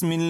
بسم الله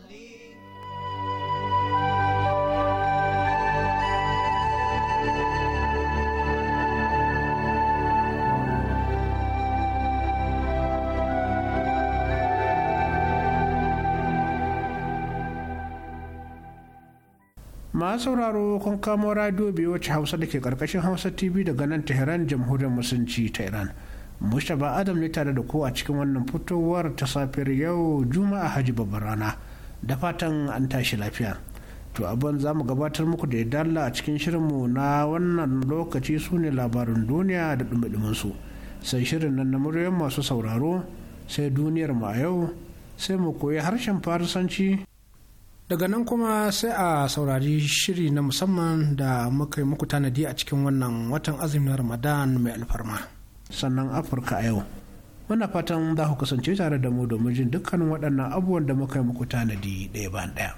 masu sauraro kun kamo radio biyu wacce hausa da ke karkashin hausa tv daga nan tehran jamhuriyar musulunci ta iran mustapha adam ne tare da ko a cikin wannan fitowar ta safiyar yau juma'a hajji babbar rana da fatan an tashi lafiya to abin za mu gabatar muku da dalla a cikin shirin mu na wannan lokaci su ne labarin duniya da dumi su sai shirin nan na muryoyin masu sauraro sai duniyar mu a yau sai mu koyi harshen farisanci daga nan kuma sai a saurari shiri na musamman da muka yi muku tanadi a cikin wannan watan azumin ramadan mai alfarma sannan afirka a yau muna fatan za ku kasance tare da mu domin jin dukkanin waɗannan abubuwan da muka yi muku tanadi ɗaya bayan ɗaya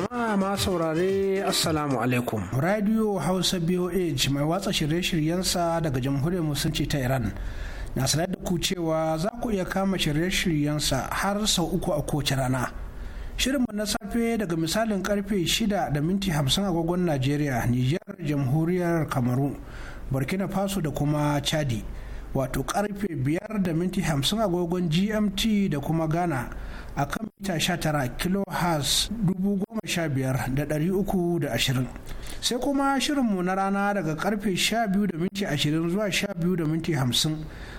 Jama'a ma saurare Assalamu alaikum. Radio Hausa BOH mai watsa shirye-shiryensa daga Jamhuriyar Musulunci ta Iran. Na sanar da ku cewa za ku iya kama shirye-shiryensa har sau uku a kowace rana. shirin Shirinmu na safe daga misalin karfe shida da minti 50 agogon Najeriya, niger Jamhuriyar Kamaru, Burkina Faso da kuma Chadi. wato karfe 5 da minti 50 agogon gmt da kuma ghana a kan mita 19 kilohertz 15320 sai kuma shirinmu na rana daga karfe 12 da minti 20 zuwa 12 da minti 50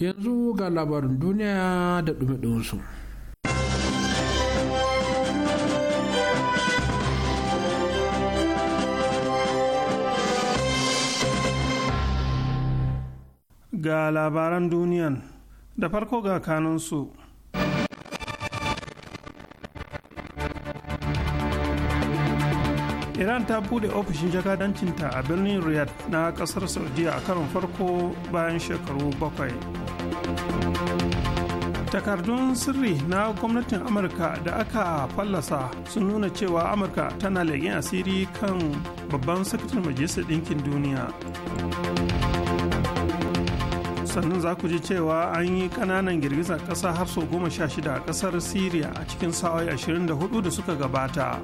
yanzu ga labarin duniya da ɗume-ɗumensu. ga labaran duniyan da farko ga kanansu iran ta bude ofishin jakadancinta a birnin riyadh na kasar saudiya a karon farko bayan shekaru bakwai takardun sirri na gwamnatin amurka da aka fallasa sun nuna cewa amurka tana leƙen asiri kan babban sakatar majalisar ɗinkin duniya sannan za ku ji cewa an yi ƙananan girgizar ƙasa har sau goma sha shida a ƙasar syria a cikin sa'o'i 24 da suka gabata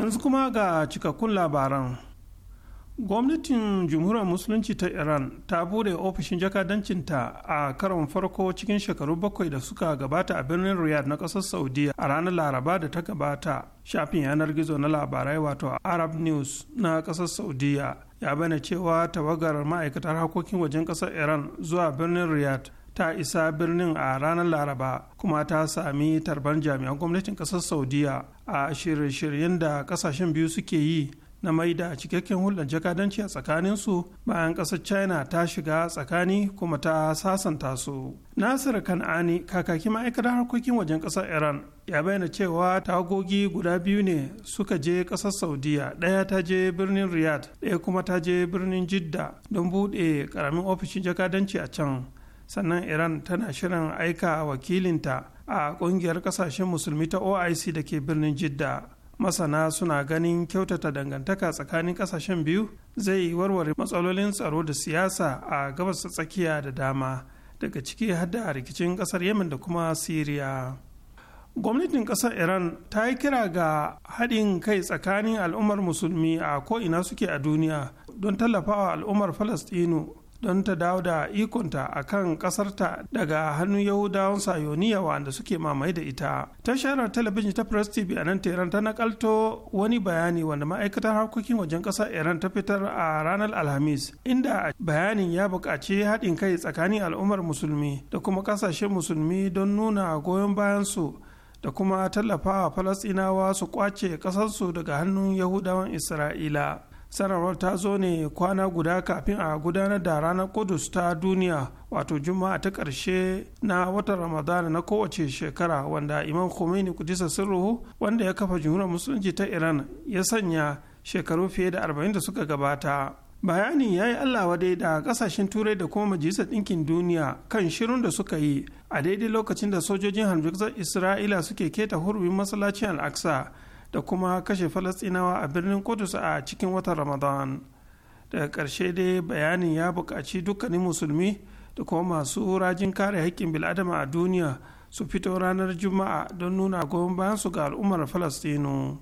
yanzu kuma ga cikakkun labaran gwamnatin jamhuriyar musulunci ta iran ta bude ofishin jakadancinta a karon farko cikin shekaru bakwai da suka gabata a birnin riyadh na kasar saudiya a ranar laraba da ta gabata shafin yanar gizo na labarai wato arab news na kasar saudiya ya bayyana cewa tawagar ma'aikatar harkokin wajen kasar iran zuwa birnin riyadh ta isa birnin a ranar laraba kuma ta sami tarban jami'an gwamnatin kasar saudiya a shirye-shiryen da kasashen biyu suke yi na maida cikakken hulɗar jakadanci a tsakaninsu bayan ƙasar china ta shiga tsakani kuma ta sasanta su nasir kan'ani kakakin ma'aikatar harkokin wajen ƙasar iran ya bayyana cewa tagogi guda biyu ne suka je ƙasar saudiya ɗaya ta je birnin riyadh ɗaya kuma ta je birnin jidda don buɗe ƙaramin ofishin jakadanci a can sannan iran tana shirin aika wakilinta a ƙungiyar ƙasashen musulmi ta oic da ke birnin jidda masana suna ganin kyautata dangantaka tsakanin kasashen biyu zai warware matsalolin tsaro da siyasa a gabas ta tsakiya da dama daga ciki har da rikicin kasar yemen da kuma syria gwamnatin kasar iran ta yi kira ga haɗin kai tsakanin al'ummar musulmi a ko'ina suke a duniya don tallafawa al'ummar falastinu don ta dawo da ikonta a kan ƙasarta daga hannun yahudawan sayoniya wanda suke mamaye da ita tasharar talabijin ta press tv a nan teran ta nakalto wani bayani wanda ma'aikatar harkokin wajen ƙasar iran ta fitar a ranar alhamis inda bayanin ya buƙaci haɗin kai tsakanin al'ummar musulmi da kuma ƙasashen musulmi don nuna goyon bayan su da kuma tallafawa falasɗinawa su kwace ƙasarsu daga hannun yahudawan isra'ila sanarwar ta zo ne kwana guda kafin a gudanar da ranar kudus ta duniya wato juma'a ta ƙarshe na watan ramadana na kowace shekara wanda imam khomeini kudisa sirruhu wanda ya kafa jumhuriyar musulunci ta iran ya sanya shekaru fiye da arba'in da suka gabata bayanin ya yi allah wadai da kasashen turai da kuma majalisar ɗinkin duniya kan shirin da suka yi a daidai lokacin da sojojin hamjikzar isra'ila suke keta hurumin masallacin al'aksa da kuma kashe falastinawa a birnin kudus a cikin watan ramadan daga karshe dai bayanin ya buƙaci dukkanin musulmi da kuma masu rajin kare haƙƙin bil'adama a duniya su fito ranar juma'a don nuna goyon bayan su ga al'ummar falastinu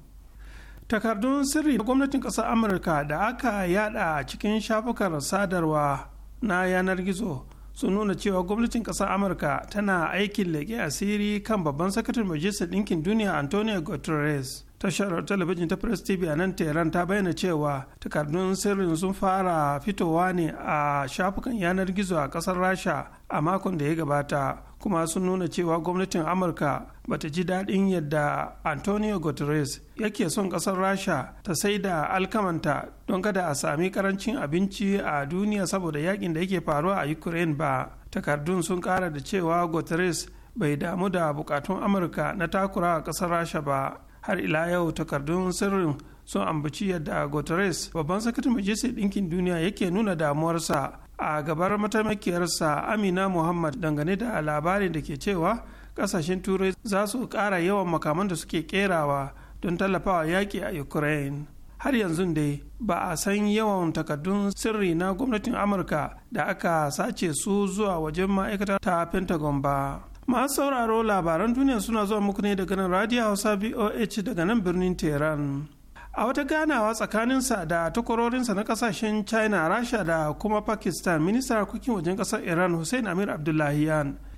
takardun sirri da gwamnatin ƙasar amurka da aka yada a cikin shafukan sadarwa na yanar gizo sun nuna cewa gwamnatin ƙasar amurka tana aikin leƙe asiri kan babban sakataren majalisar ɗinkin duniya antonio guterres tashar talabijin ta press tv a nan tehran ta bayyana cewa takardun sirrin sun fara fitowa ne a shafukan yanar gizo a kasar rasha a makon da ya gabata kuma sun nuna cewa gwamnatin amurka bata ji daɗin yadda antonio guterres yake son kasar rasha ta sai da alkamanta don kada a sami karancin abinci a duniya saboda yakin da yake faruwa a ukraine ba takardun sun kara da cewa guterres bai damu da bukatun amurka na takura a ƙasar rasha ba har ila yau takardun sirrin sun ambaci yadda guterres babban sakatar majalisar ɗinkin duniya yake nuna damuwarsa a gabar mataimakiyarsa amina muhammad dangane da labarin da ke cewa ƙasashen turai za su ƙara yawan makaman da suke ƙerawa don tallafawa yaƙi a ukraine har yanzu dai ba a san yawan takardun sirri na gwamnatin amurka da aka sace su zuwa wajen ma'aikata ta pentagon ba. masu sauraro labaran duniya suna zuwa muku ne daga nan radio hausa boh daga nan birnin tehran a wata ganawa tsakanin sa da takwarorinsa na kasashen china rasha da kuma pakistan ministan harkokin wajen kasar iran hussein amir abdullahi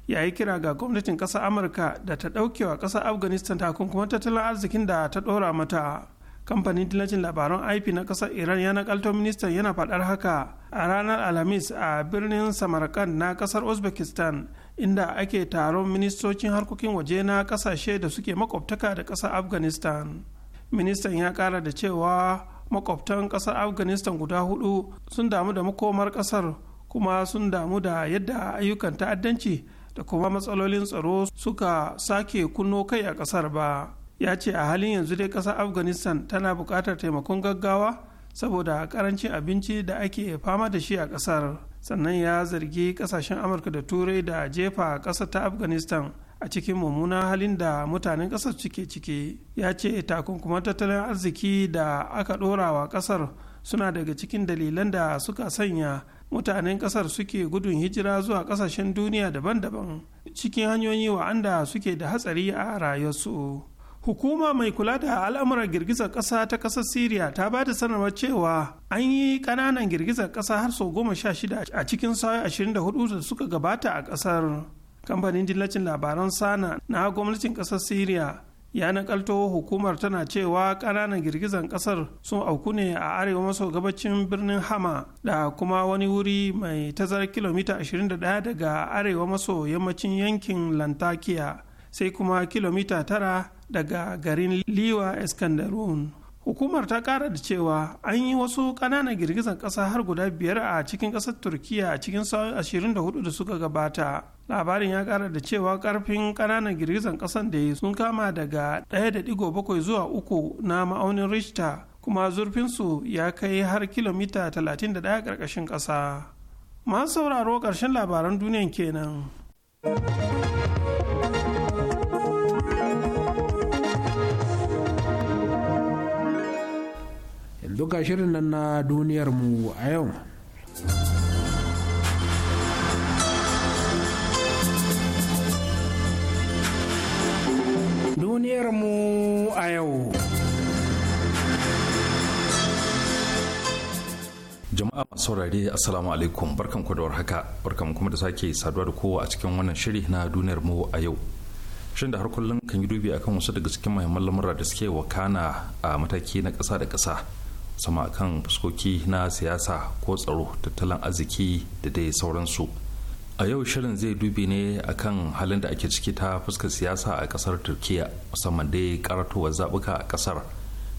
ya yi kira ga gwamnatin ƙasar amurka da ta ɗaukewa kasar afghanistan kuma tattalin arzikin da ta ɗora mata kamfanin dillacin labaran ip na kasar iran ya nakalto ministan yana faɗar haka a ranar alhamis a birnin samarkand na ƙasar uzbekistan inda ake taron ministocin harkokin waje na kasashe da suke makwabtaka da ƙasar afghanistan ministan ya ƙara da cewa makwabtan ƙasar afghanistan guda hudu sun damu da makomar ƙasar kuma sun damu da yadda ayyukan ta'addanci da kuma matsalolin tsaro suka sake kunno kai a ƙasar ba ya ce a halin yanzu dai ƙasar afghanistan tana buƙatar taimakon gaggawa saboda karancin abinci da ake fama da shi a ƙasar sannan ya zargi kasashen amurka da turai da jefa ƙasar ta afghanistan a cikin mummunan halin da mutanen ƙasar suke ciki ya ce takunkuman tattalin arziki da aka ɗora wa ƙasar suna daga cikin dalilan da suka sanya mutanen ƙasar suke gudun hijira zuwa ƙasashen duniya daban-daban cikin hanyoyi wa'anda suke da hatsari a rayuwarsu. hukuma mai kula da al'amuran girgizar ƙasa ta ƙasar syria ta ba da sanarwar cewa an yi ƙananan girgizar ƙasa har sau goma sha shida a cikin sa'o'i ashirin da hudu da suka gabata a ƙasar kamfanin dillacin labaran sana na gwamnatin ƙasar syria ya nakalto hukumar tana cewa ƙananan girgizar ƙasar sun auku ne a arewa maso gabacin birnin hama da kuma wani wuri mai tazarar kilomita 21 daga arewa maso yammacin yankin lantakiya sai kuma kilomita tara daga garin liwa eskandarun hukumar ta kara da cewa an yi wasu ƙananan girgizan kasa har guda biyar a cikin ƙasar turkiya a cikin sa'o'i ashirin da hudu da suka gabata labarin ya kara da cewa karfin ƙananan girgizan kasan da ya sun kama daga da bakwai zuwa uku na ma'aunin richter kuma zurfinsu ya kai har kilomita talatin da 31 karkashin kasa masu sauraro karshen labaran duniyan kenan. duka shirin nan na duniyar a yau duniyar a yau jama'a masu saurare assalamu alaikum barkan ku da warhaka barkan kuma da sake saduwa da kowa a cikin wannan shiri na duniyar mu a yau shin da har kullum kan yi dubi akan wasu daga cikin muhimman lamura da suke wakana a mataki na ƙasa da kasa. sama kan fuskoki na siyasa ko tsaro tattalin arziki da dai sauransu a yau shirin zai dubi ne akan halin da ake ciki ta fuskar siyasa a kasar turkiya musamman dai karatowar zabuka a kasar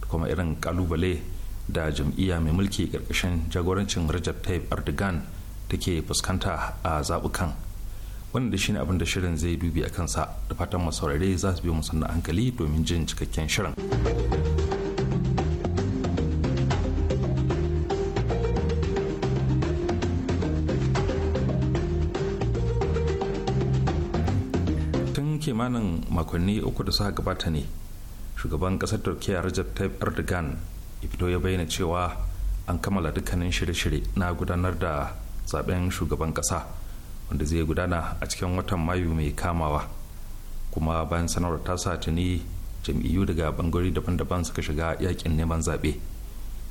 kuma irin kalubale da jam'iyya mai mulki karkashin jagorancin rajab tayyip erdogan take fuskanta a zabukan wanda shine abin da shirin zai dubi a kansa da fatan masaurare za su biyo musamman hankali domin jin cikakken shirin kimanin makonni uku da suka gabata ne shugaban kasar turkiyya rajab tayyip erdogan ya fito ya bayyana cewa an kammala dukkanin shirye-shirye na gudanar da zaben shugaban kasa wanda zai gudana a cikin watan mayu mai kamawa kuma bayan sanarwar tasa tuni jam'iyyu daga bangare daban-daban suka shiga yakin neman zaɓe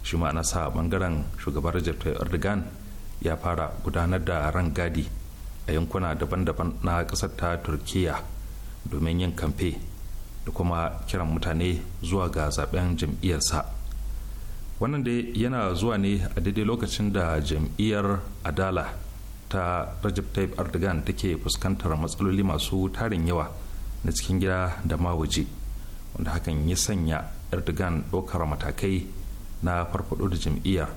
shi ma sa bangaren shugaban rajab tayyip erdogan ya fara gudanar da rangadi a yankuna daban-daban na ƙasar ta turkiya domin yin kamfe da kuma kiran mutane zuwa ga zaben jam'iyyarsa wannan da yana zuwa ne a daidai lokacin da jam'iyyar adala ta Recep Tayyip Erdogan take fuskantar matsaloli masu tarin yawa na cikin gida da ma waje wanda hakan ya sanya Erdogan ɗaukar matakai na farfado da jam'iyyar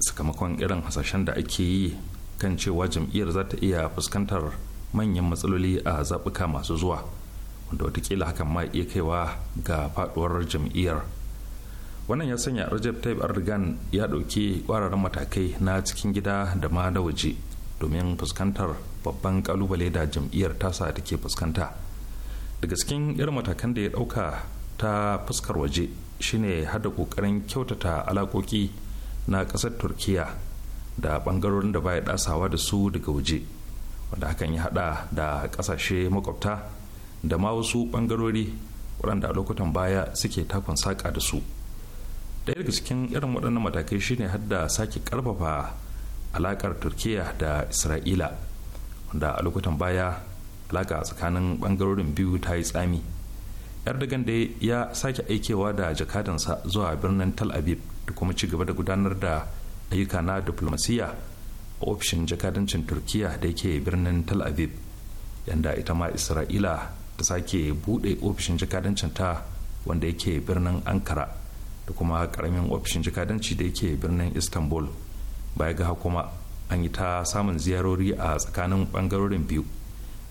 sakamakon irin hasashen da ake yi kan cewa jam'iyyar za ta iya fuskantar manyan matsaloli a zaɓuka masu zuwa wanda watakila hakan ma iya kaiwa ga faɗuwar jam'iyyar wannan ya sanya rajab tayyip erdogan ya ɗauki ƙwararren matakai na cikin gida da ma na waje domin fuskantar babban kalubale da jam'iyyar tasa da ke fuskanta daga cikin irin matakan da ya ɗauka ta fuskar waje shine hada kokarin kyautata alakoki na ƙasar turkiya da ɓangarorin da baya ɗasawa da su daga waje wanda hakan ya hada da kasashe makwabta da ma wasu bangarori waɗanda a lokutan baya suke takon saƙa da su ɗaya daga cikin irin waɗannan matakai shine hadda sake ƙarfafa alaƙar turkiya da isra'ila wanda a lokutan baya alaƙa tsakanin bangarorin biyu ta yi tsami erdogan da ya sake aikewa da jakadansa zuwa birnin tal aviv da kuma ci gaba da gudanar da ayyuka na diplomasiyya ofishin jakadancin turkiya da ke birnin tel aviv yadda ita ma isra'ila ta sake buɗe ofishin jakadancin ta wanda yake birnin ankara da kuma karamin ofishin jakadanci da yake birnin istanbul baya ga kuma an yi ta samun ziyarori a tsakanin bangarorin biyu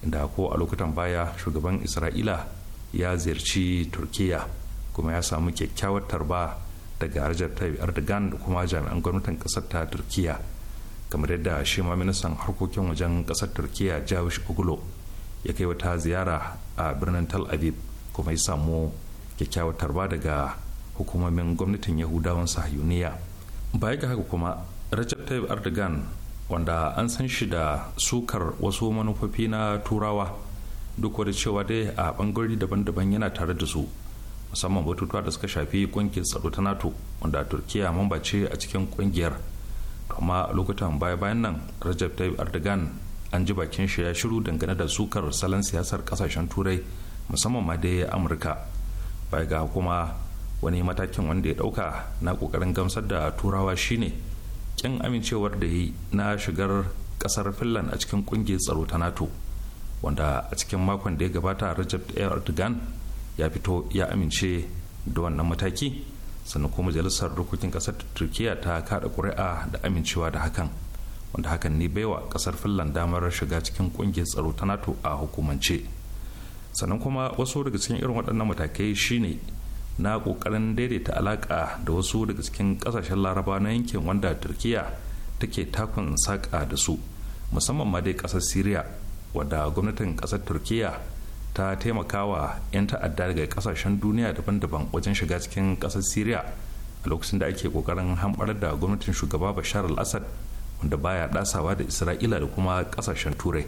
inda ko a lokutan baya shugaban isra'ila ya ziyarci turkiya kuma ya samu kyakkyawar tarba daga harajar tayyip erdogan da kuma jami'an gwamnatin kasar ta turkiya kamar yadda shi ma ministan harkokin wajen kasar turkiya jawish ogulo ya kai wata ziyara a birnin tal aviv kuma ya samu kyakkyawatar ba daga hukumomin gwamnatin yahudawan sahiyuniya baya ga haka kuma rajab tayyip erdogan wanda an san shi da sukar wasu manufofi na turawa duk wadda cewa dai a bangarori daban-daban yana tare da su musamman batutuwa da suka shafi kungiyar tsaro ta nato wanda turkiya mamba ce a cikin kungiyar amma lokutan baya-bayan nan rajab tayyip erdogan an ji bakin shi ya shiru dangane da sukar salon siyasar kasashen turai musamman ma dai amurka baya ga kuma wani matakin wanda ya dauka na kokarin gamsar da turawa shine kin amincewar da yi na shigar kasar finland a cikin kungiyar tsaro ta nato wanda a cikin makon da ya gabata rajab erdogan ya fito ya amince da wannan mataki sannan kuma majalisar dokokin kasar turkiyya ta kada kuri'a da amincewa da hakan wanda hakan ne baiwa kasar finland damar shiga cikin kungiyar tsaro ta nato a hukumance sannan kuma wasu daga cikin irin waɗannan matakai shine na ƙoƙarin daidaita alaƙa da wasu daga cikin ƙasashen laraba na yankin wanda turkiya take takun saƙa da su musamman ma dai ƙasar syria wadda gwamnatin ƙasar turkiyya. ta taimakawa 'yan ta'adda daga kasashen duniya daban-daban wajen shiga cikin kasar syria a lokacin da ake kokarin hamɓar da gwamnatin shugaba bashar al-assad wanda baya dasawa da isra'ila da kuma kasashen turai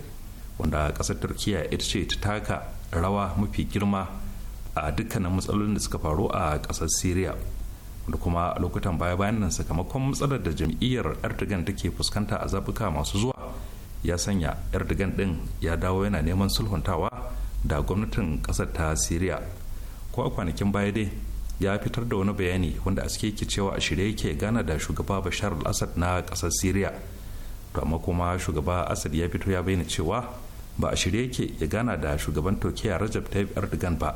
wanda kasar turkiya ita ce ta taka rawa mafi girma a dukkanin matsalolin da suka faru a kasar syria da kuma lokutan baya-bayan nan sakamakon matsalar da jam'iyyar erdogan take fuskanta a zabuka masu zuwa ya sanya erdogan din ya dawo yana neman sulhuntawa da gwamnatin kasar ta siriya ko a kwanakin baya dai ya fitar da wani bayani wanda a suke cewa a shirye yake gana da shugaba bashar al-assad na kasar siriya to amma kuma shugaba asad ya fito ya bayyana cewa ba a shirye yake ya gana da shugaban turkiya rajab tayyip erdogan ba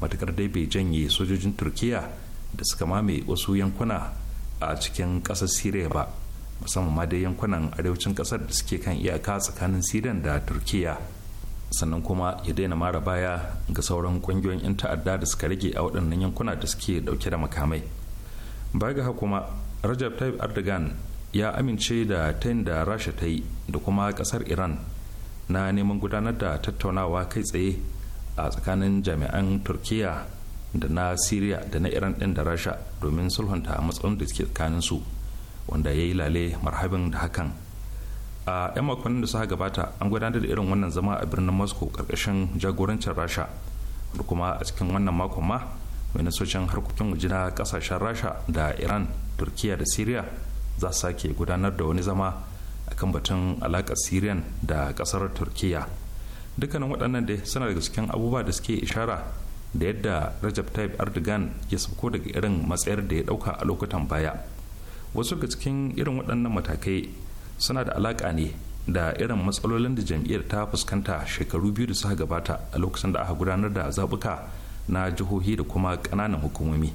matukar dai bai janye sojojin turkiya da suka mame wasu yankuna a cikin kasar siriya ba musamman ma dai yankunan arewacin kasar da suke kan iyaka tsakanin sidan da turkiya sannan kuma ya daina mara baya ga sauran ƙungiyoyin 'yan ta'adda da suka rage a waɗannan yankuna da suke ɗauke da makamai baya ga kuma rajab tayyip erdogan ya amince da tayin da rasha ta yi da kuma ƙasar iran na neman gudanar da tattaunawa kai tsaye a tsakanin jami'an turkiya da na syria da na iran ɗin da rasha domin sulhunta matsalolin da suke tsakanin su wanda ya yi lale marhabin da hakan a 'yan makonnin da suka gabata an gudanar da irin wannan zama a birnin moscow karkashin jagorancin rasha da kuma a cikin wannan makon ma mai ministocin harkokin waje na kasashen rasha da iran turkiya da syria za su sake gudanar da wani zama a kan batun alaƙar syrian da ƙasar turkiya dukkanin waɗannan da suna daga cikin abubuwa da suke ishara da yadda rajab tayyip erdogan ya sauko daga irin matsayar da ya ɗauka a lokutan baya wasu daga cikin irin waɗannan matakai suna da alaƙa ne da irin matsalolin da jam'iyyar ta fuskanta shekaru biyu da suka gabata a lokacin da aka gudanar da zaɓuka na jihohi da kuma ƙananan hukumomi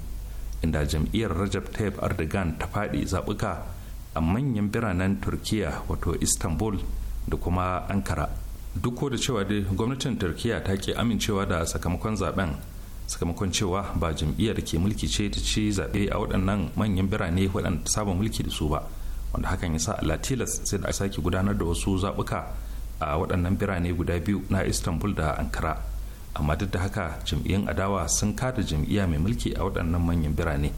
inda jam'iyyar rajab tayyip erdogan ta faɗi zaɓuka a manyan biranen turkiya wato istanbul da kuma ankara duk da cewa dai gwamnatin turkiya ta ke amincewa da sakamakon zaben sakamakon cewa ba jam'iyyar ke mulki ce ta ci zaɓe a waɗannan manyan birane waɗanda saba mulki da su ba wanda hakan ya sa latilas sai da a sake gudanar da wasu zaɓuka a waɗannan birane guda biyu na istanbul da ankara amma duk da haka jam'iyyun adawa sun kada jam'iyya mai mulki a waɗannan manyan birane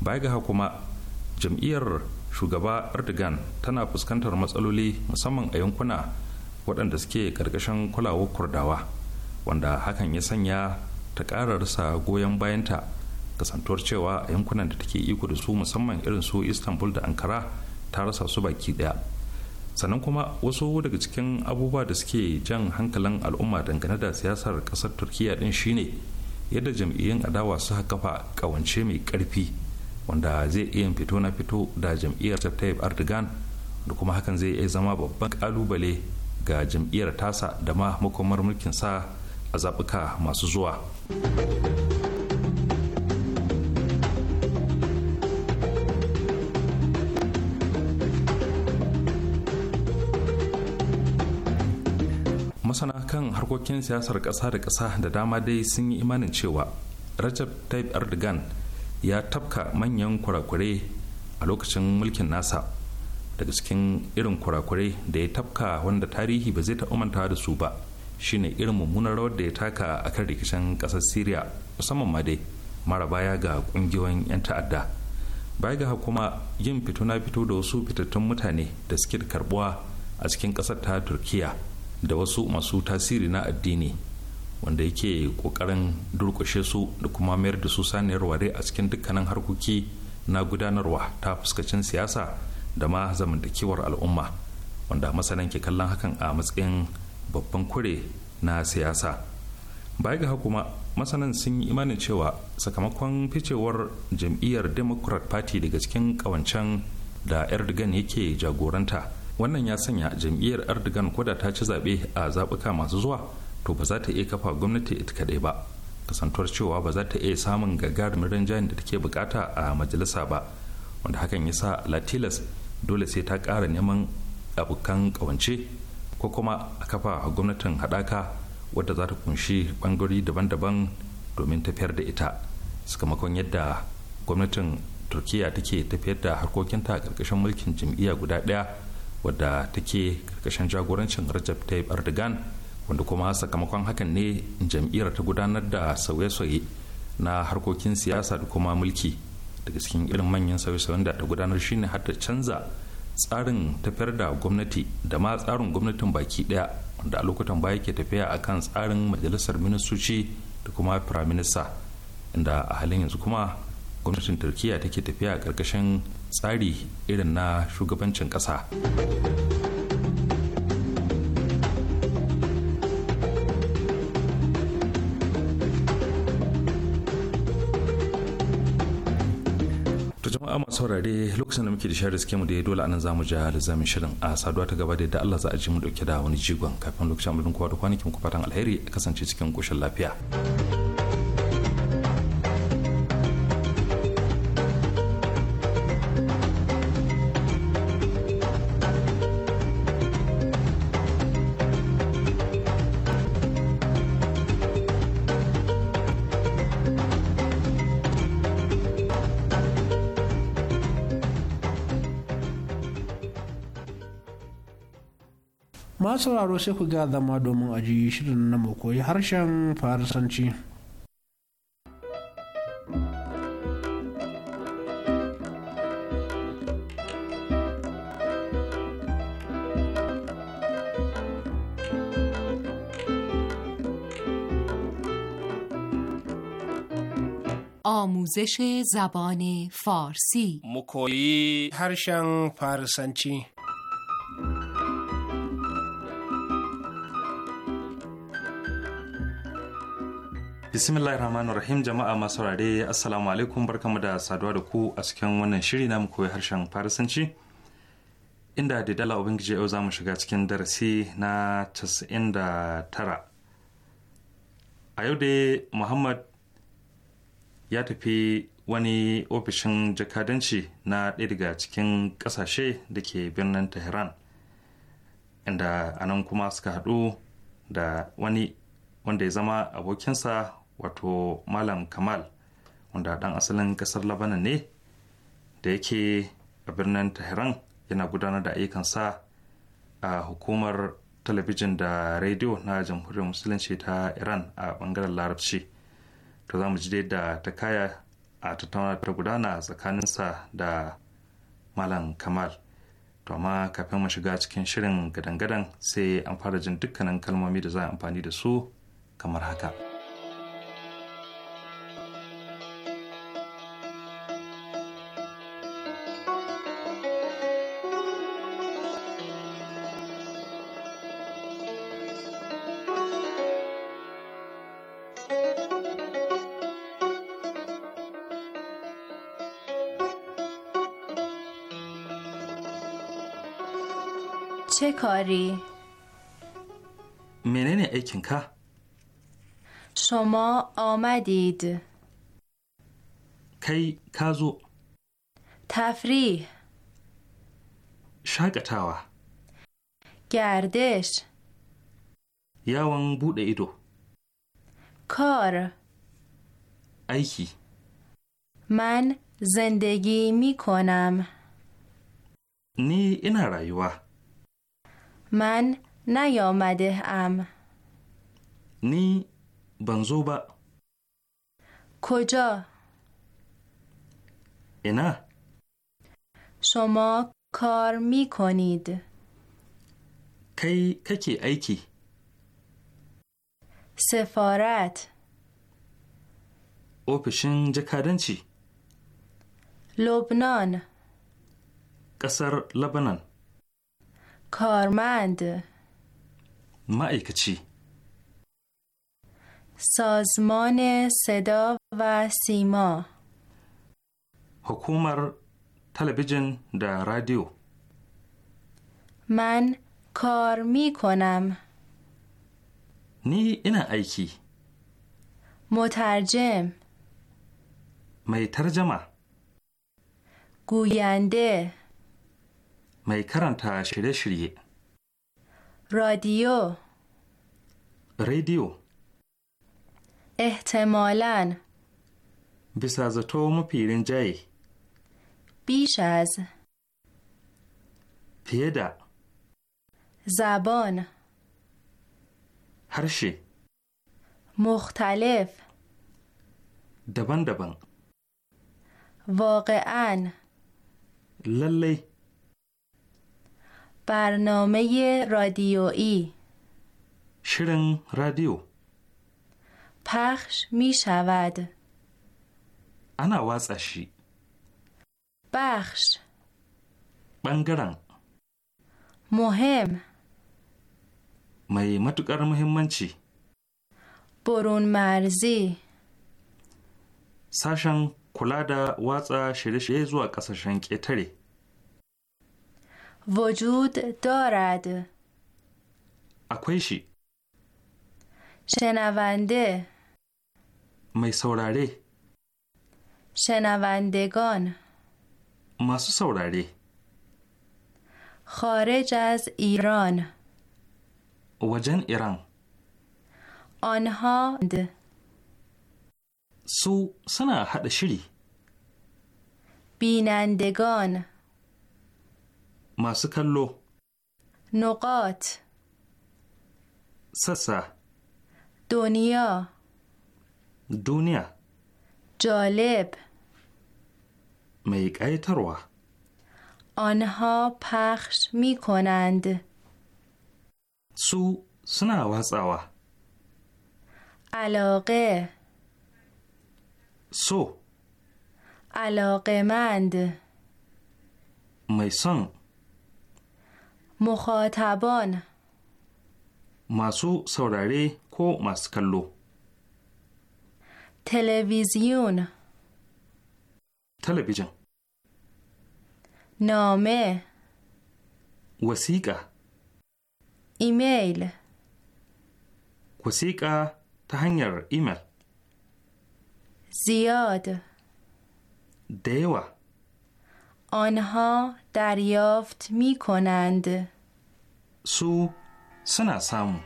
baya ga kuma jam'iyyar shugaba erdogan tana fuskantar matsaloli musamman a yankuna waɗanda suke ƙarƙashin kulawar kurdawa wanda hakan ya sanya ta ƙara rasa goyon bayanta kasantuwar cewa a yankunan da take iko da su musamman irin su istanbul da ankara ta rasa su baki daya sannan kuma wasu daga cikin abubuwa da suke jan hankalin al'umma dangane da siyasar kasar turkiya din shine yadda jam'iyyun adawa suka kafa kawance mai karfi wanda zai iya fito na fito da jam'iyyar tayyip erdogan da kuma hakan zai iya zama babban kalubale ga jam'iyyar tasa da ma makomar mulkin sa a zaɓuka masu zuwa. kan harkokin siyasar ƙasa da kasa da dama dai sun yi imanin cewa Recep Tayyip Erdogan ya tafka manyan kurakure a lokacin mulkin nasa daga cikin irin kurakure da ya tafka wanda tarihi ba zai taɓa mantawa da su ba shine irin mummunar rawar da ya taka a kan rikicin ƙasar Syria musamman ma dai mara baya ga ƙungiyoyin 'yan ta'adda baya ga kuma yin fito na fito da wasu fitattun mutane da suke karbuwa a cikin ƙasar ta Turkiyya da wasu masu tasiri na addini wanda yake kokarin durkushe su da kuma mayar da su saniyar ware a cikin dukkanin harkoki na gudanarwa ta fuskacin siyasa da ma zamantakewar al'umma wanda masanan ke kallon hakan a matsayin babban kure na siyasa baya ga kuma masanan sun yi imanin cewa sakamakon ficewar jam'iyyar democrat party daga cikin kawancen da erdogan yake jagoranta wannan ya sanya jam'iyyar erdogan koda ta ci zaɓe a zaɓuka masu zuwa to ba za ta iya kafa gwamnati ita kaɗai ba kasantuwar cewa ba za ta iya samun gagarumin rinjayen da take bukata a majalisa ba wanda hakan ya sa latilas dole sai ta ƙara neman abokan ƙawance ko kuma a kafa gwamnatin haɗaka wadda za ta kunshi ɓangare daban-daban domin tafiyar da ita sakamakon yadda gwamnatin turkiya take tafiyar da harkokinta a ƙarƙashin mulkin jam'iyya guda ɗaya wadda take karkashin jagorancin Recep Tayyip Erdogan wanda kuma sakamakon hakan ne jam'iyyar ta gudanar da sauye-sauye na harkokin siyasa da kuma mulki daga cikin irin manyan sauye-sauyen da ta gudanar shine har ta canza tsarin tafiyar da gwamnati da ma tsarin gwamnatin baki daya wanda a lokutan baya ke tafiya a kan tsarin majalisar ministoci da kuma firaminista inda a halin yanzu kuma gwamnatin turkiya take tafiya a karkashin tsari irin na shugabancin ƙasa. jama'a masu saurare lokacin da muke da shari'a suke mu da dole anan zamu ja da zamin shirin a saduwa ta gaba da yadda Allah za a ji mu dauke da wani jigon kafin lokacin amurin kowa da kwanakin ku fatan alheri kasance cikin koshin lafiya. masu sauraro sai ku ga zama domin ajiye shirin na mu koyi harshen farisanci. آموزش زبان فارسی مکویی هرشن فارسنچی bismillahir rahmanir rahim jama'a masu rare assalamu alaikum barkamu da saduwa da ku a cikin wannan shiri na koyi harshen farisanci inda da dala ubangiji yau za mu shiga cikin darasi na 99 a yau dai muhammad ya tafi wani ofishin jakadanci na ɗaya daga cikin ƙasashe da ke birnin tehran inda anan kuma suka haɗu da wani wanda ya zama abokinsa wato malam kamal wanda dan asalin ƙasar labanan ne da yake a birnin tehran yana gudanar da ayyukansa a hukumar talabijin da rediyo na jamhuriyar musulunci ta iran a bangaren larabci to za mu ji da ta kaya a tattauna ta gudana tsakaninsa da malam kamal to amma kafin mu shiga cikin shirin gadangadan gadan sai an fara jin dukkanin kalmomi da za a amfani da su kamar haka. داری؟ منن ایکن که؟ شما آمدید کی کازو تفریح تاوا گردش یا وان بوده ایدو کار ایکی من زندگی می کنم نی اینا رایوه من نیامده ام نی بنزوبا کجا اینا شما کار می کنید کی ککی ایکی سفارت اوپشن چی؟ لبنان قصر لبنان کارمند چی؟ سازمان صدا و سیما حکومر تلویزیون در رادیو من کار می کنم نی اینا ایکی مترجم می ترجمه گوینده می تا شده رادیو رادیو احتمالاً بیسا تو مپیرین جایی بیش از پیدا زبان هرشی مختلف دبن دبن واقعا للی برنامه رادیویی شرن رادیو پخش می شود انا وزشی بخش بنگرن مهم mai matuƙar muhimmanci. Borun marzi Sashen kula da watsa shirye-shirye zuwa ƙasashen ƙetare. وجود دارد اکویشی شنونده می شنوندگان ماسو خارج از ایران وجن ایران آنها سو سنا حد شری بینندگان masu نقاط سسه دنیا دنیا جالب میگه تروه آنها پخش می کنند سو سنا علاقه سو علاقه مند میسان مخاطبان ماسو سوراری کو ماسکلو تلویزیون تلویزیون نامه وسیقه ایمیل وسیقه تهنگر ایمیل زیاد دیوه آنها دریافت می کنند. su suna samu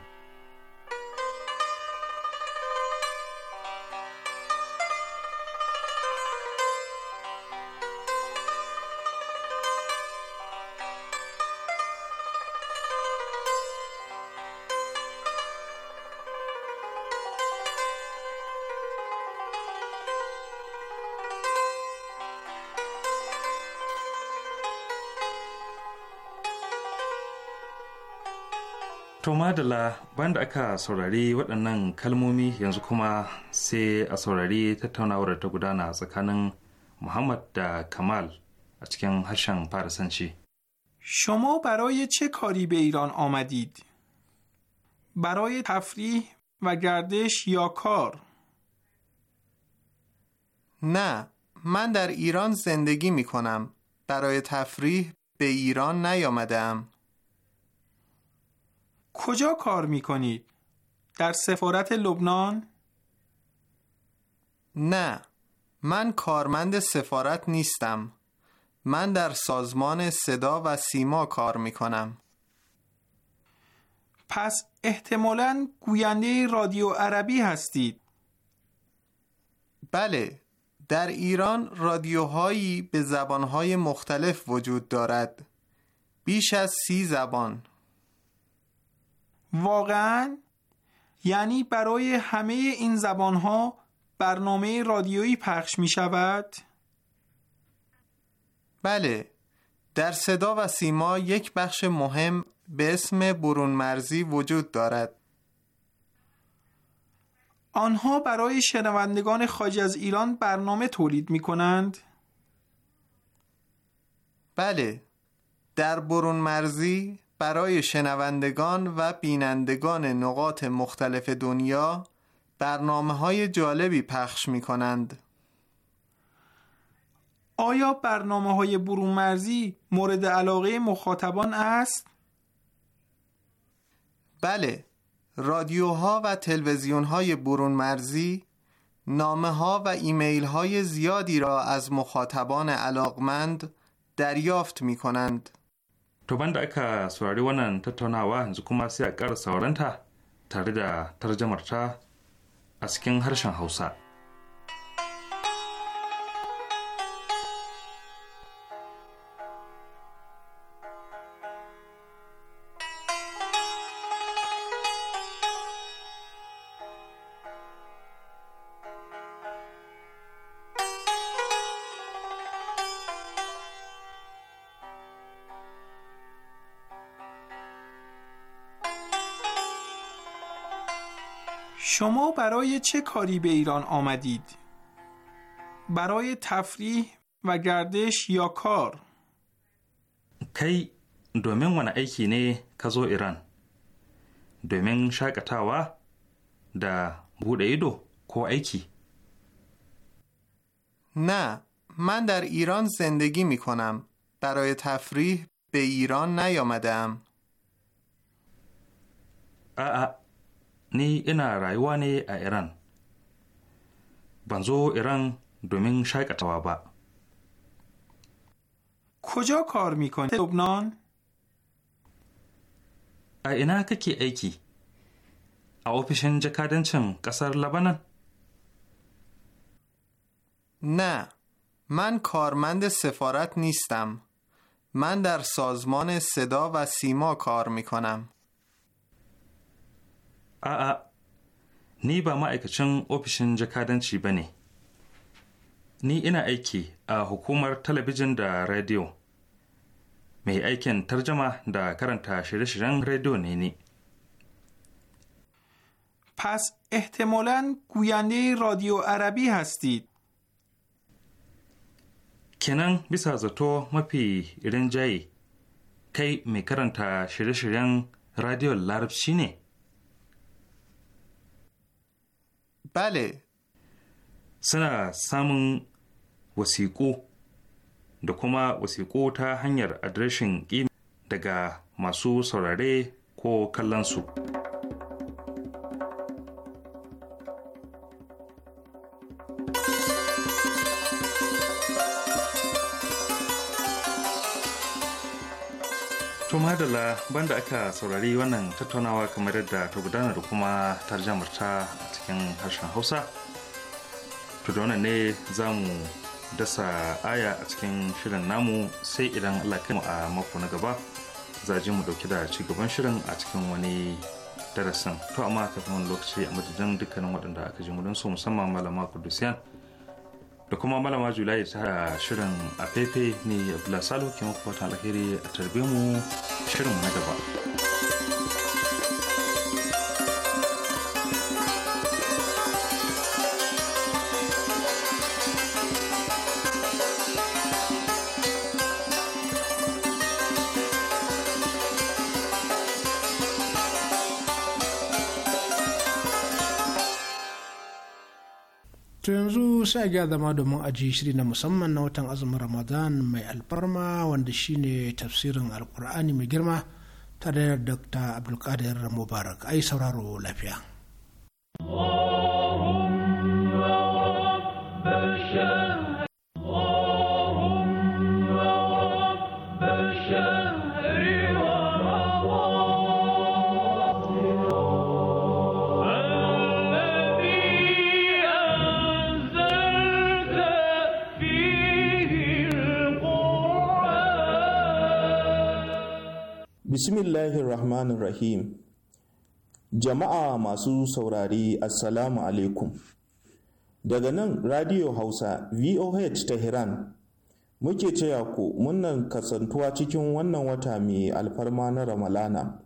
To madala banda aka saurari waɗannan kalmomi yanzu kuma sai a saurari tattaunawar ta gudana tsakanin Muhammad da Kamal a cikin harshen farasanci شما برای چه کاری به ایران آمدید؟ برای تفریح و گردش یا کار؟ نه، من در ایران زندگی می کنم. برای تفریح به ایران کجا کار می کنید؟ در سفارت لبنان؟ نه من کارمند سفارت نیستم من در سازمان صدا و سیما کار می کنم پس احتمالا گوینده رادیو عربی هستید بله در ایران رادیوهایی به زبانهای مختلف وجود دارد بیش از سی زبان واقعا یعنی برای همه این ها برنامه رادیویی پخش می شود؟ بله در صدا و سیما یک بخش مهم به اسم برون مرزی وجود دارد آنها برای شنوندگان خارج از ایران برنامه تولید می کنند؟ بله در برون مرزی برای شنوندگان و بینندگان نقاط مختلف دنیا برنامه های جالبی پخش می کنند. آیا برنامه های برومرزی مورد علاقه مخاطبان است؟ بله، رادیوها و تلویزیون های برون مرزی نامه ها و ایمیل های زیادی را از مخاطبان علاقمند دریافت می کنند. To da aka saurari wannan tattaunawa yanzu kuma sai a ƙara sauranta tare da tarjamarta a cikin harshen Hausa. برای چه کاری به ایران آمدید؟ برای تفریح و گردش یا کار؟ کی دومین وانا ایکی نه کازو ایران دومین Domin دا da buɗe نه من در ایران زندگی می کنم برای تفریح به ایران نیامدم. آه. نی اینا رایوانی نه ا ایران بنزو ایران دومین شاید ba. کجا کار میکنی؟ لبنان؟ که ina ایکی. aiki a ofishin jakadancin ƙasar نه من کارمند سفارت نیستم من در سازمان صدا و سیما کار میکنم A'a, ni ba ma’aikacin ofishin jakadanci ba ne. Ni ina aiki a hukumar talabijin da rediyo. Mai aikin tarjama da karanta shirye-shiryen rediyo ne ni. Pas ehtimolan guyane radio arabi hastid. Kenan bisa zato mafi rinjaye, kai mai karanta shirye-shiryen radiyon larabci ne? suna Suna samun wasiƙo da kuma wasiƙo ta hanyar adireshin ƙi daga masu saurare ko kallon su. adala banda aka saurari wannan tattaunawa kamar yadda ta gudana da kuma tarjamarta a cikin harshen hausa to da wannan ne za mu dasa aya a cikin shirin namu sai idan allah kai mu a mako na gaba za ji mu dauki da ci gaban shirin a cikin wani darasin to amma kafin wani lokaci a madadin dukkanin waɗanda aka ji mu don su musamman malama kudusiyan da kuma malama julai ta shirin a ne abdulsalu ke maku ta alheri a tarbe mu shirin na gaba. sai ya zama domin aji shiri na musamman na watan azumin ramadan mai alfarma wanda shine tafsirin alkur'ani mai girma tare da dr abdulkadir mubarak ai sauraro lafiya Bismillahirrahmanirrahim. Jama'a masu saurari Assalamu alaikum. Daga nan Radio Hausa VOH Tehran muke taya ku munnan kasantuwa cikin wannan wata mai alfarma na Ramalana.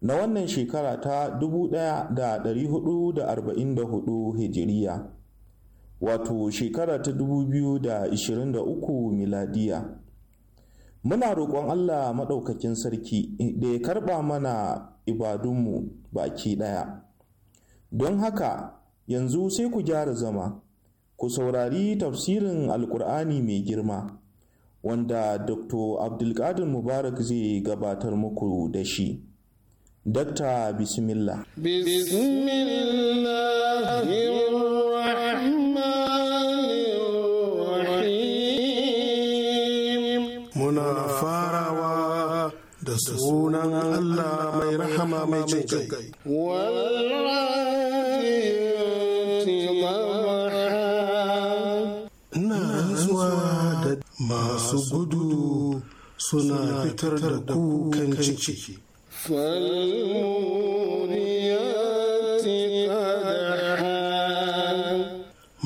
Na wannan shekara ta 1444 Hijiriya, wato shekara ta 2023 miladiya. muna roƙon Allah maɗaukakin sarki eh, da ya karɓa mana ibadunmu baki ɗaya. Don haka yanzu sai ku gyara zama, ku saurari tafsirin alkur'ani mai girma, wanda Dr. Abdulkadir Mubarak zai gabatar muku da shi. Dakta Bismillah. Bismillah. sunan Allah mai rahama mai jin kai. Ina da masu gudu suna fitar da kukan ciki.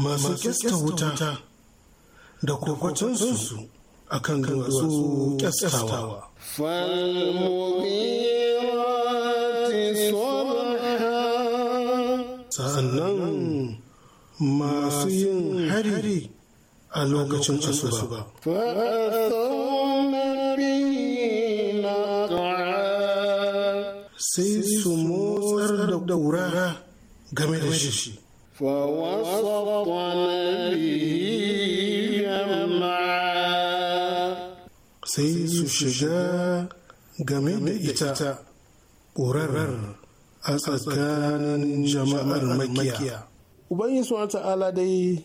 Masu kyasta wuta da kwakwacensu. akan duwatsu kyastawa Sannan masu yin hari a lokacin asuba sai su motsar da ƙura game da shi فوسطن به sai su shiga game da ita ƙurar a tsakanin jama'ar makiya yi suna ta'ala dai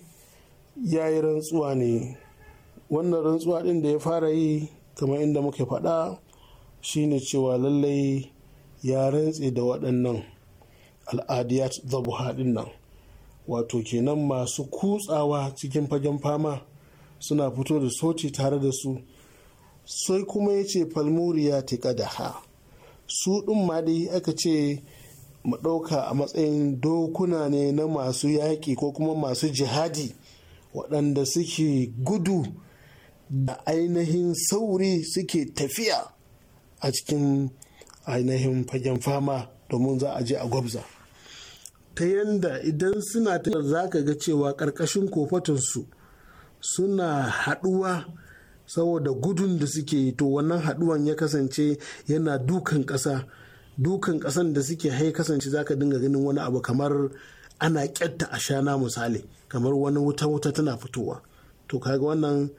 ya yi rantsuwa ne wannan rantsuwa ɗin da ya fara yi kamar inda muka faɗa shine cewa lallai ya rantse da waɗannan al'adiyat zabuha ɗin nan wato kenan masu kutsawa cikin fagen fama suna fito da soci tare da su sai kuma ya ce falmuriya ta ha su ɗin ma dai aka ce mu ɗauka a matsayin dokuna ne na masu yaƙi ko kuma masu jihadi waɗanda suke gudu da ainihin sauri suke tafiya a cikin ainihin fagen fama domin za a je a gwabza ta yanda idan suna tafiya za ka ga cewa ƙarƙashin kofatunsu suna haɗuwa saboda gudun da suke yi to wannan haduwan ya kasance yana dukan ƙasa dukan ƙasan da suke hai kasance zaka dinga ganin wani abu kamar ana ƙyatta a shana misali kamar wani wuta wuta tana fitowa to kaga wannan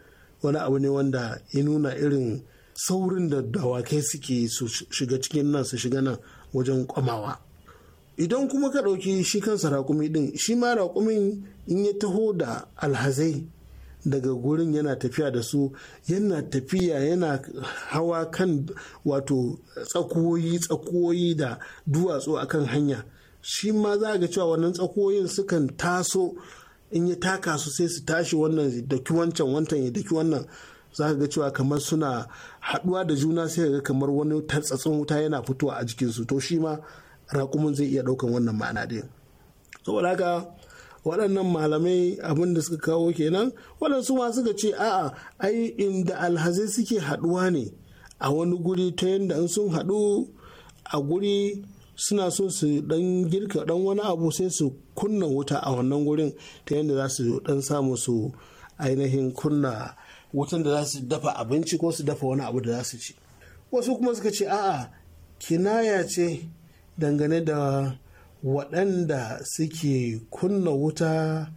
wani abu ne wanda ya nuna irin saurin da dawakai suke su shiga cikin nan su shiga nan wajen kwamawa idan kuma ka ɗauki shi kansa raƙumi ɗin shi ma raƙumin in ya taho da alhazai daga gurin yana tafiya da su yana tafiya yana hawa kan wato tsakoyi tsakoyi da duwatsu akan hanya shi ma za ga cewa wannan tsakoyin sukan taso in ya taka su sai su tashi wannan daki wancan wancan ya daki wannan za ga cewa kamar suna haɗuwa da juna sai ga kamar wani tartsatsin wuta yana fitowa a jikinsu to shi ma raƙumin zai iya ɗaukan wannan ma'ana din saboda haka waɗannan malamai abin da suka kawo kenan waɗansu ma suka ce a'a ai inda alhazai suke haɗuwa ne a wani guri ta yadda in sun haɗu a guri suna so su dan girka dan wani abu sai su kunna wuta a wannan gurin ta yadda za su dan samu su ainihin kunna wutan da za su dafa abinci ko su dafa wani abu da za su ci wasu kuma suka ce a'a kinaya ce dangane da waɗanda suke kunna wuta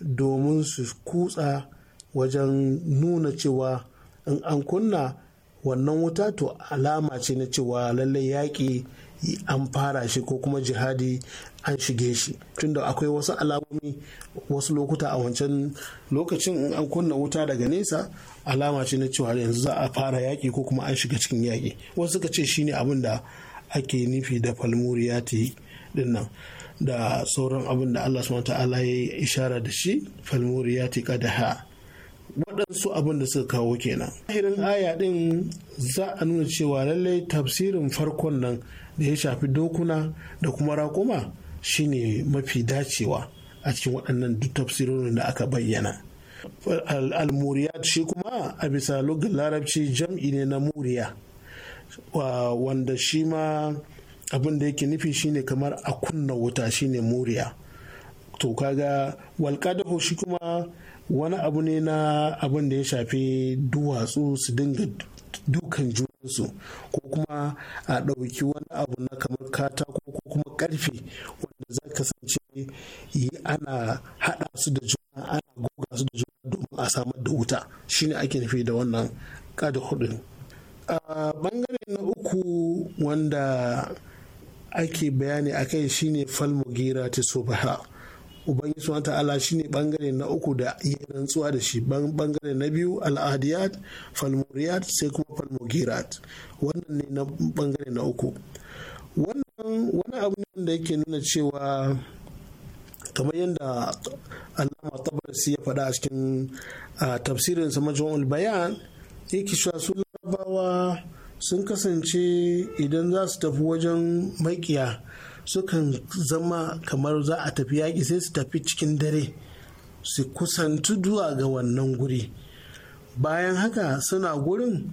domin su kutsa wajen nuna cewa in an kunna wannan wuta to alama ce na cewa lallai yaƙi an fara shi ko kuma jihadi an shige shi tunda akwai wasu alamomi wasu lokuta a wancan lokacin in an kunna wuta daga nesa alama ce na cewa yanzu za a fara yaƙi ko kuma an shiga cikin yaƙi wasu suka ce shine abin da ake nufi da falmuriyati dinnan da sauran abin da Allah subhanahu ta'ala ya ishara da shi falmuriyati qadaha waɗansu abin da suka kawo kenan ahirin aya ɗin za a nuna cewa lallai tafsirin farkon nan da ya shafi dokuna da kuma raƙuma shine mafi dacewa a cikin waɗannan duk tafsirorin da aka bayyana al-muriyat shi kuma a bisa lugar larabci jam'i ne na muriya wanda shi ma abin da yake nufi shine kamar a kunna wuta shine muriya to kaga walƙadaho shi kuma wani abu ne na abin da ya shafi duwatsu su dinga dukan junansu ko kuma a ɗauki wani abu na kamar katako ko kuma ƙarfe wanda zai kasance ana haɗa su da juna ana goga su da juna domin a samar da wuta shine ake nufi da wannan ƙada ɗin a ɓangare na uku wanda ake bayani a kai shine falmugira ta subha ubangiji subhanahu ta'ala shine bangare na uku da ya rantsuwa da shi bangare na biyu al'adiyat falmuriyat sai kuma falmugirat wannan ne na bangare na uku wannan wani abu ne da yake nuna cewa kamar yadda alama tabarasi ya faɗa a cikin tafsirin sa ulbayan bayan yake shi su larabawa sun kasance idan za su tafi wajen maƙiya sukan zama kamar za a tafi yaƙi sai su tafi cikin dare su kusantu duwa ga wannan guri bayan haka suna gurin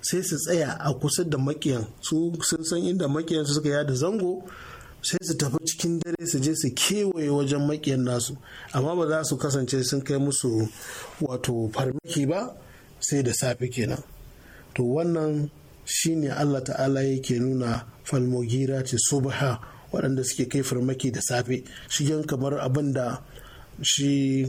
sai su tsaya a kusa da maƙiyan su sun san inda makiyan su suka yada zango sai su tafi cikin dare su je su kewaye wajen maƙiyan nasu amma ba za su kasance sun kai musu wato farmaki ba sai da safe kenan to wannan Shi ne Allah ta'ala yake nuna falmogira ce subha waɗanda suke kai farmaki da safe shigen kamar abin da shi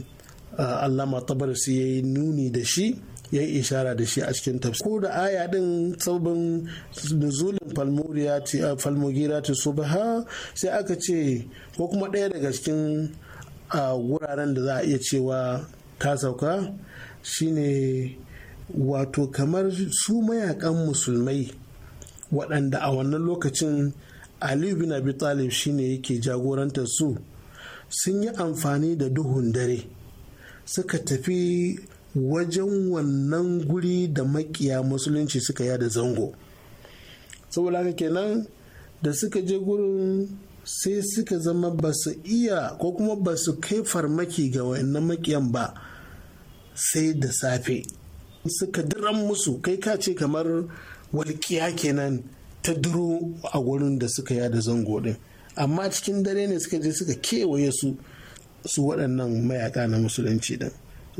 allah tabarsi ya yi nuni da shi ya yi ishara da shi a cikin tafsir ko da aya din sabbin nuzulin falmogira ce subha sai aka ce ko kuma ɗaya daga cikin wuraren da za a iya cewa ta sauka shine wato kamar su mayakan musulmai waɗanda a wannan lokacin aliyu bin abi talib shine yake jagorantar su sun yi amfani da duhun dare suka tafi wajen wannan guri da makiya musulunci suka yada zango saboda haka kenan da suka je gurin sai suka zama ba su iya ko kuma ba su kai farmaki ga wayannan makiyan ba sai da safe suka diran musu kai ka ce kamar walƙiya kenan ta duro a wurin da suka yada zango din amma cikin dare ne suka je suka kewaye su su waɗannan mayaka na musulunci din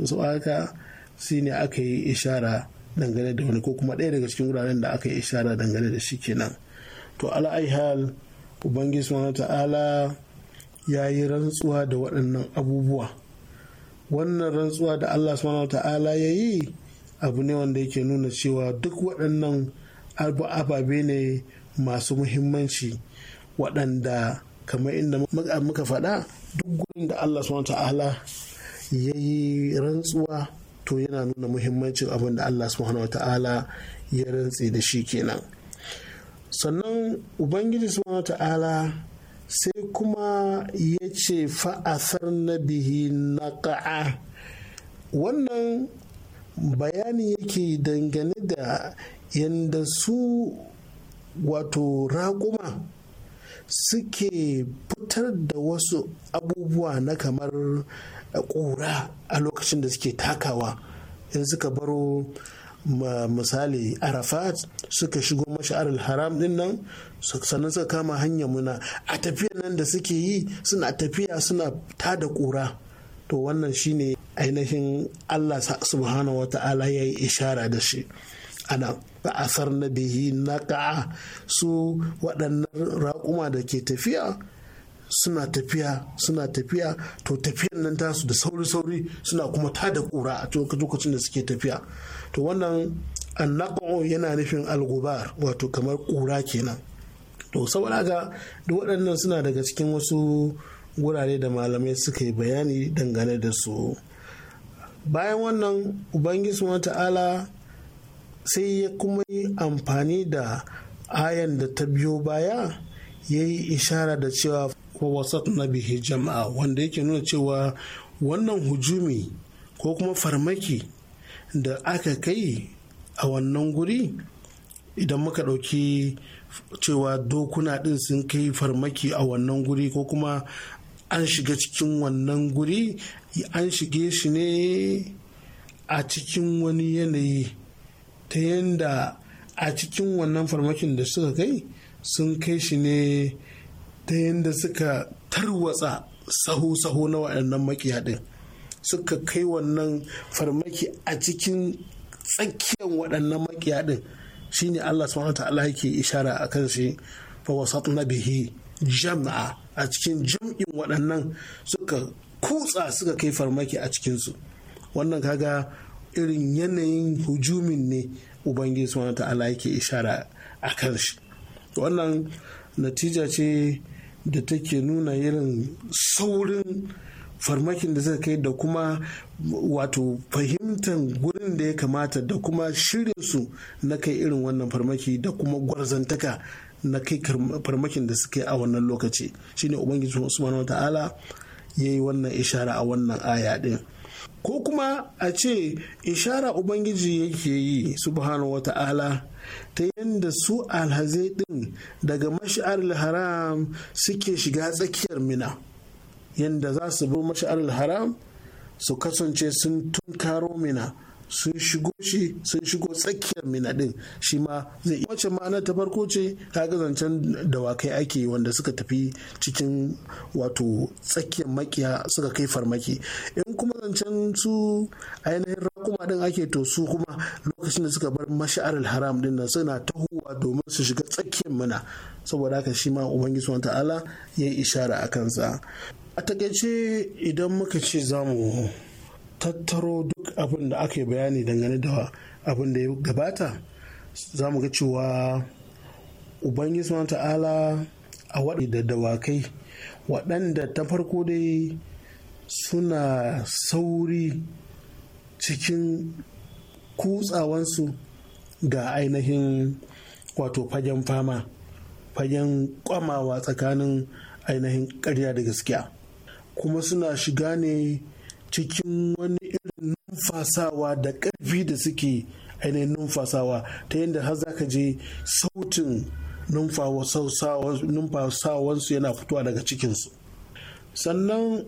su haka shi ne aka yi ishara dangane da wani ko kuma ɗaya daga cikin wuraren da aka yi ishara dangane da shi kenan to ala'ihal ubangiji subhanahu ta'ala ya yi rantsuwa da waɗannan abubuwa wannan rantsuwa da allah subhanahu ta'ala ya yi abu ne wanda yake nuna cewa duk waɗannan ababe ne masu muhimmanci waɗanda kamar inda muka faɗa duk gudun da Allah subhanahu ta'ala ya yi rantsuwa to yana nuna muhimmancin abin da Allah subhanahu ta'ala ya rantse da shi kenan sannan ubangiji subhanahu ta'ala sai kuma ya ce fa'asar na bihi na ƙa'a wannan bayani yake dangane da yadda su wato raguma, suke fitar da wasu abubuwa na kamar ƙura a lokacin da suke takawa in suka baro misali arafat suka shigo masha'ar haram din nan sannan suka kama hanyar muna a tafiyar nan da suke yi suna tafiya suna tada ƙura to wannan shine ainihin Allah subhanahu wa ta'ala ya yi ishara da shi ana ba'asar na bihi na ka'a su waɗannan raƙuma da ke tafiya suna tafiya suna tafiya to tafiyan nan tasu da sauri-sauri suna kuma ta da ƙura a lokacin da suke tafiya to wannan annaƙo yana nufin algubar wato kamar ƙura kenan to saboda ga waɗannan suna daga cikin wasu wurare da malamai suka yi bayani dangane da su. bayan wannan ubangiji wa ta'ala sai ya kuma yi amfani da ayan da ta biyo baya ya yi ishara da cewa wasat na bihi jama'a wanda yake nuna cewa wannan hujumi ko kuma farmaki da aka kai a wannan guri idan muka ɗauki cewa dokuna ɗin sun kai farmaki a wannan guri ko kuma an shiga cikin wannan guri an shige shi ne a cikin wani yanayi ta yadda a cikin wannan farmakin da suka kai sun kai shi ne ta yadda suka tarwatsa saho-saho na waɗannan makiya ɗin suka kai wannan farmaki a cikin tsakiyar waɗannan makiya ɗin ne Allah subhanahu ta'ala yake ishara a kan shi fa na bihi jam'a a cikin jam'in waɗannan suka kutsa suka kai farmaki a cikinsu wannan kaga irin yanayin hujumin ne ubangiji wani ta'ala yake ishara a kan shi wannan natija ce da take nuna irin saurin farmakin da suka kai da kuma wato fahimtar gurin da ya kamata da kuma shirinsu na kai irin wannan farmaki da kuma gwarzantaka na kai farmakin da suke a wannan lokaci shine ubangiji wani ta'ala ya yi wannan ishara a wannan aya ɗin ko kuma a ce ishara ubangiji yake yi subhanahu wata'ala ta yadda su alhazai ɗin daga mashi'ar haram suke shiga tsakiyar mina yadda za su bi mashi'ar haram su kasance sun tunkaro mina sun shigo shi sun shigo tsakiyar mina din shi ma zai wacce ma'ana ta farko ce ga zancen dawakai ake wanda suka tafi cikin wato tsakiyar makiya suka kai farmaki in kuma zancen su ainihin rakuma din ake to su kuma lokacin da suka bar masha'ar haram din nan suna tahowa domin su shiga tsakiyar mina saboda haka shi ma ubangiji ta'ala ya yi ishara a kansa a takaice idan muka ce zamu tattaro duk abin da aka yi bayani dangane da abin da ya gabata za mu ga cewa ubangiji subhanahu ta'ala a waɗi da dawakai waɗanda ta farko dai suna sauri cikin kutsawansu ga ainihin wato fagen fama fagen kwamawa tsakanin ainihin karya da gaskiya kuma suna shiga ne cikin wani irin numfasawa da ƙarfi da suke ainihin numfasawa ta yadda har za ka je sautin numfasawansu yana fitowa daga cikinsu sannan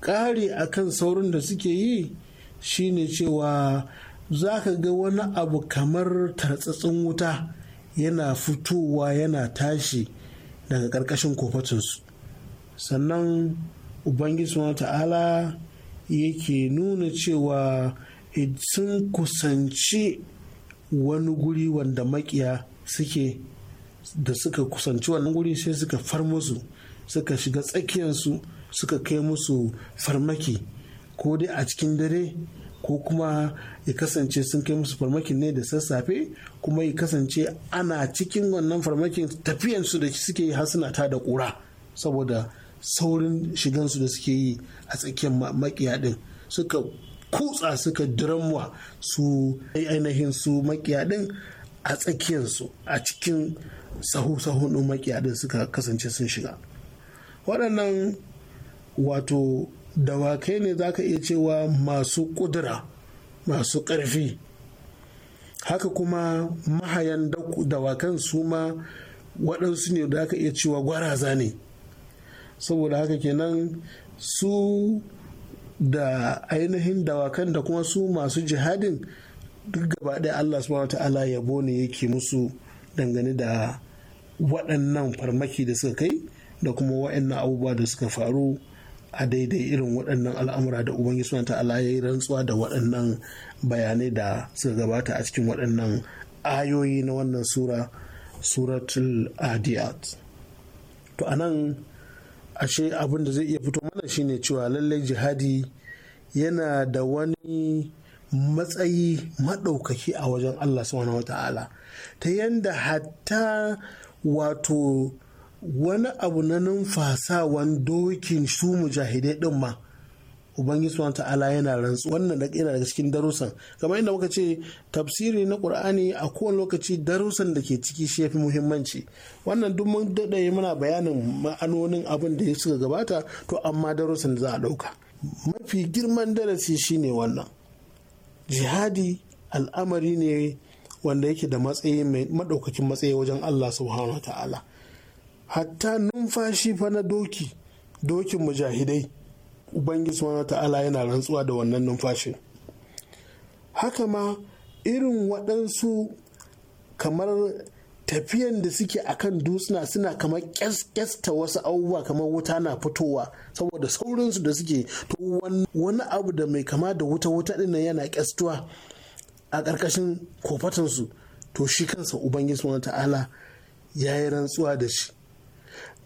ƙari a kan saurin da suke yi shine cewa za ka ga wani abu kamar tartsatsin wuta yana fitowa yana tashi daga ƙarƙashin kofatinsu sannan ubangiji ta'ala yake nuna cewa sun kusanci wani guri wanda makiya suke da suka kusanci wannan guri sai suka far musu suka shiga tsakiyarsu suka kai musu farmaki ko dai a cikin dare ko kuma ya kasance sun kai musu farmakin ne da sassafe kuma ya kasance ana cikin wannan farmakin tafiyansu da suke har suna ta da kura saboda saurin shigansu da suke yi a tsakiyar makiya din suka kutsa suka diramwa su ainihin su makiya din a tsakiyarsu a cikin sahu-sahun din makiya din suka kasance sun shiga waɗannan wato dawakai ne za ka iya cewa masu ƙudura masu ƙarfi haka kuma mahayan dawakan su ma waɗansu ne da aka iya cewa gwaraza ne saboda haka kenan su da ainihin dawakan da kuma su masu jihadin duk gaba ɗaya Allah subhanahu ta'ala yabo ne yake musu dangane da waɗannan farmaki da suka kai da kuma waɗannan abubuwa da suka faru a daidai irin waɗannan al'amura da ubangiji subhanahu ta'ala ya yi rantsuwa da waɗannan bayanai da suka gabata a cikin waɗannan ayoyi na wannan sura suratul adiyat to anan ashe abin da zai iya fito mana shine cewa lallai jihadi yana da wani matsayi maɗaukaki a wajen Allah subhanahu wata'ala ta yanda hatta wato wani abu na numfasawan dokin su mujahidai ɗin ma ubangiji suwan ta'ala yana rantsu wannan da yana daga cikin darussan kamar inda muka ce tafsiri na qur'ani a kowane lokaci darussan da ke ciki shi yafi muhimmanci wannan duk mun dade muna bayanin ma'anonin abin da suka gabata to amma darussan da za a dauka mafi girman darasi shine wannan jihadi al'amari ne wanda yake da matsayi mai madaukakin matsayi wajen Allah subhanahu ta'ala hatta numfashi fa na doki dokin mujahidai ubangiji wa ta'ala yana rantsuwa da wannan numfashi haka ma irin waɗansu kamar tafiyan da suke a kan dutsuna suna kamar ƙyasƙyasta wasu abubuwa kamar wuta na fitowa saboda saurinsu da suke to wani abu da mai kama da wuta wuta dinnan yana ƙyastuwa a ƙarƙashin kofatansu to shi kansa ubangiji wa ta'ala ya yi rantsuwa da shi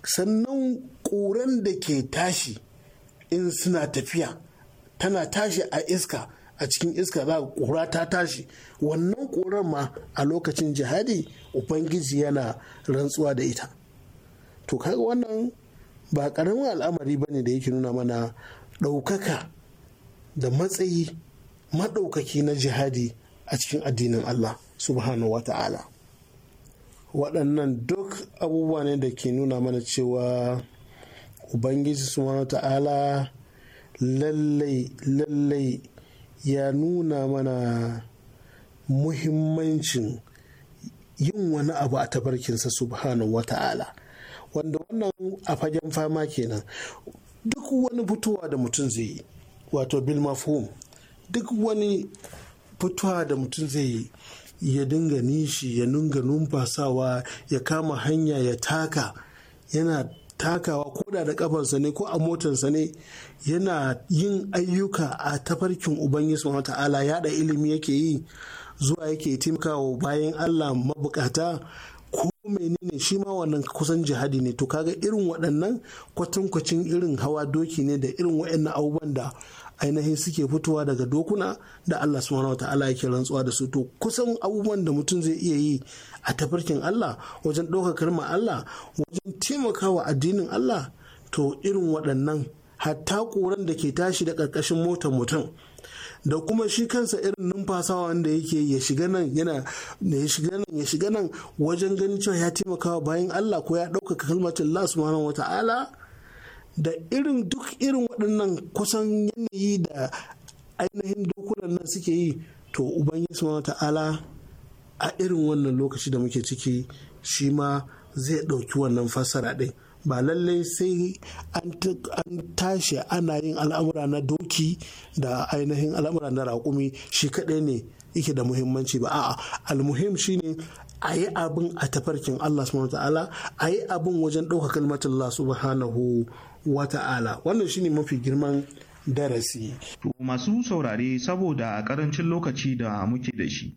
sannan ƙuran da ke tashi in suna tafiya tana tashi a iska a cikin iska za ƙura ta tashi wannan ƙurar ma a lokacin jihadi ubangiji yana rantsuwa da ita to kaga wannan ba ƙaramin al'amari ba ne da yake nuna mana ɗaukaka da matsayi maɗaukaki na jihadi a cikin addinin Allah subhanahu wa ta'ala waɗannan duk abubuwa ne da ke nuna mana cewa ubangiji subhanahu ta'ala lallai lallai ya nuna mana muhimmancin yin wani abu a tabarkinsa subhanahu wa ta'ala wanda wannan a fagen fama kenan duk wani fitowa da mutum zai yi wato bil mafhum duk wani fitowa da mutum zai yi ya dinga nishi ya dinga numfasawa ya kama hanya ya taka yana takawa ko da da kafarsa ne ko a motarsa ne yana yin ayyuka a tafarkin ubangiji wa ta'ala yada ilimi yake yi zuwa yake taimakawa bayan allah mabukata ko menene shi ma wannan kusan jihadi ne to kaga irin waɗannan kwatankwacin irin hawa doki ne da irin waɗannan abubuwan da ainihin suke fitowa daga dokuna da Allah subhanahu wata'ala yake rantsuwa da su to kusan abubuwan da mutum zai iya yi a tafarkin Allah wajen ɗaukakar ma Allah wajen taimakawa addinin Allah to irin waɗannan hatta ƙoran da ke tashi da ƙarƙashin motar mutum da kuma shi kansa irin numfasawa wanda yake ya shiga nan yana ya shiga nan ya shiga nan wajen ganin cewa ya taimakawa bayan Allah ko ya ɗaukaka kalmatin Allah subhanahu wata'ala da irin duk irin waɗannan kusan yanayi da ainihin dokunan nan suke yi to yi wa ta'ala a irin wannan lokaci da muke ciki shi ma zai ɗauki wannan fassara ɗin ba lallai sai an tashi ana yin al'amura na doki da ainihin al'amura na raƙumi shi kaɗai ne yake da muhimmanci ba a'a almuhim shine a yi abin a tafarkin Allah subhanahu wa a yi abin wajen ɗaukaka kalmatin Allah subhanahu wa ta'ala wannan shine mafi girman darasi To masu saurare saboda a karancin lokaci da muke da shi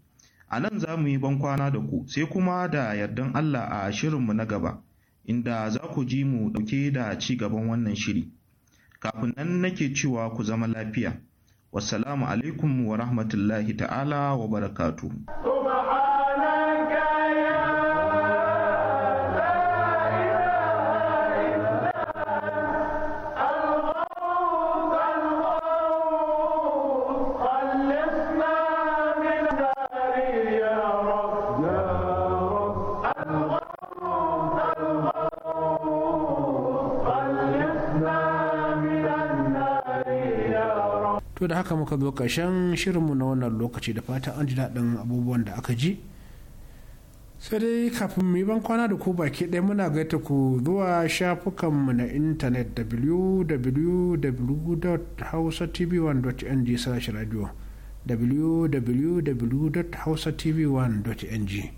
a nan za mu yi bankwana da ku sai kuma da yardan Allah a shirinmu na gaba inda za ku ji mu dauke da ci gaban wannan shiri kafin nan nake cewa ku zama lafiya wassalamu alaikum wa rahmatullahi ta'ala wa barakatu. to da haka muka zo ƙarshen shirinmu na wannan lokaci da fatan an ji daɗin abubuwan da aka ji sai dai kafin mu yi ban kwana da ku baki ɗaya muna gaita ku zuwa shafukanmu na intanet www.hausatv1.ng slash radio www.hausatv1.ng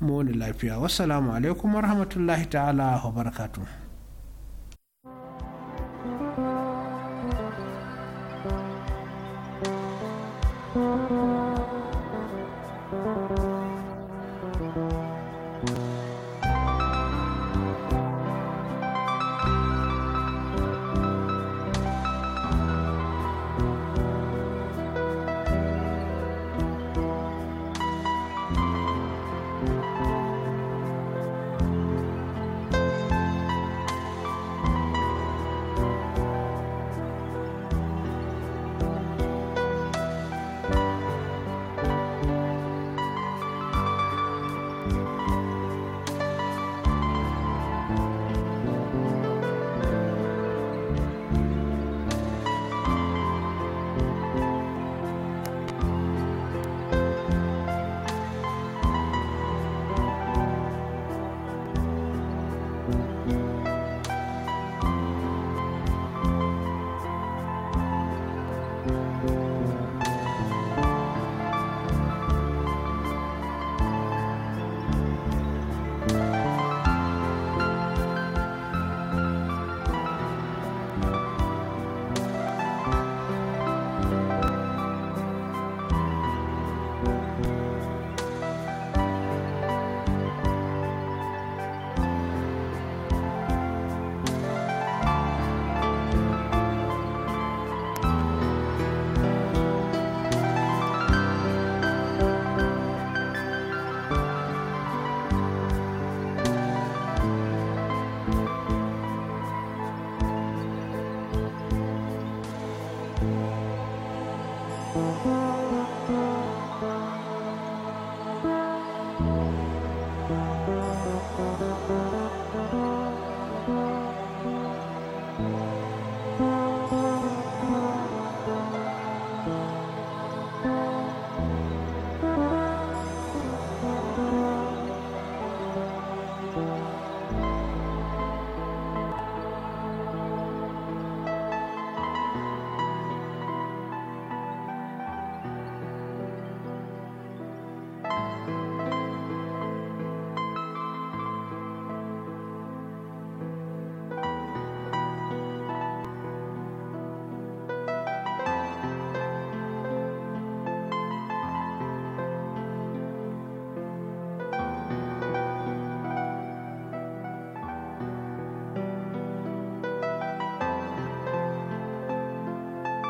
mu wani lafiya wassalamu alaikum warahmatullahi ta'ala wa barakatu.